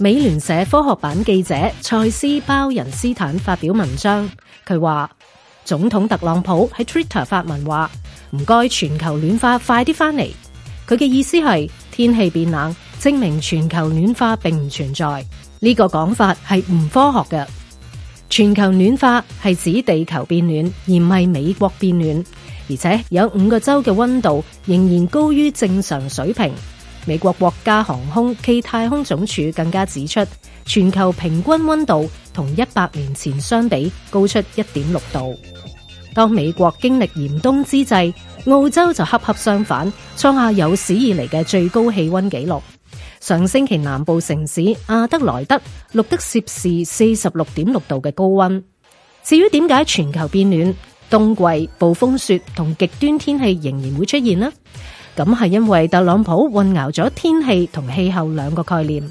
美聯社科學版記者賽斯鮑仁斯坦發表文章，佢話總統特朗普喺 Twitter 發文話唔該全球暖化快啲返嚟，佢嘅意思係天氣變冷證明全球暖化並唔存在，呢個講法係唔科學嘅。全球暖化係指地球變暖而唔係美國變暖，而且有五個州嘅溫度仍然高於正常水平。美國國家航空暨太空總署更加指出，全球平均溫度同一百年前相比高出一點六度。當美國經歷嚴冬之際，澳洲就恰恰相反，創下有史以來嘅最高氣溫紀錄。上星期南部城市阿德萊德錄得攝氏四十六點六度嘅高温。至於點解全球變暖、冬季暴風雪同極端天氣仍然會出現呢？咁係因為特朗普混淆咗天氣同氣候兩個概念。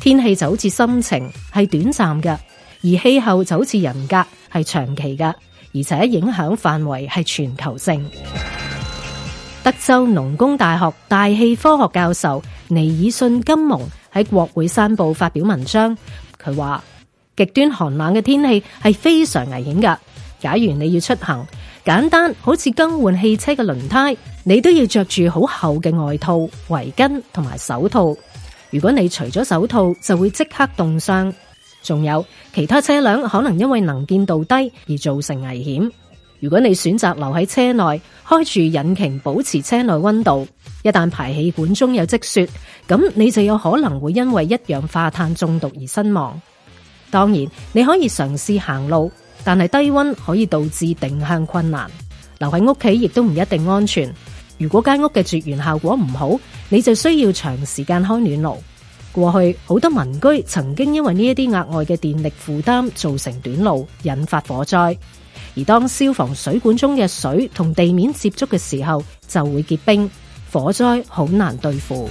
天氣就好似心情，係短暫嘅；而氣候就好似人格，係長期嘅，而且影響範圍係全球性。德州農工大學大氣科學教授尼爾遜甘蒙喺國會山報發表文章，佢話極端寒冷嘅天氣係非常危險嘅。假如你要出行，簡單好似更換汽車嘅輪胎。你都要着住好厚嘅外套、圍巾同埋手套。如果你除咗手套，就會即刻凍傷。仲有其他車輛可能因為能見度低而造成危險。如果你選擇留喺車內，開住引擎保持車內温度。一旦排氣管中有積雪，咁你就有可能會因為一氧化碳中毒而身亡。當然，你可以嘗試行路，但係低温可以導致定向困難。留喺屋企亦都唔一定安全。如果間屋嘅絕緣效果唔好，你就需要長時間開暖爐。過去好多民居曾經因為呢一啲額外嘅電力負擔造成短路，引發火災。而當消防水管中嘅水同地面接觸嘅時候，就會結冰，火災好難對付。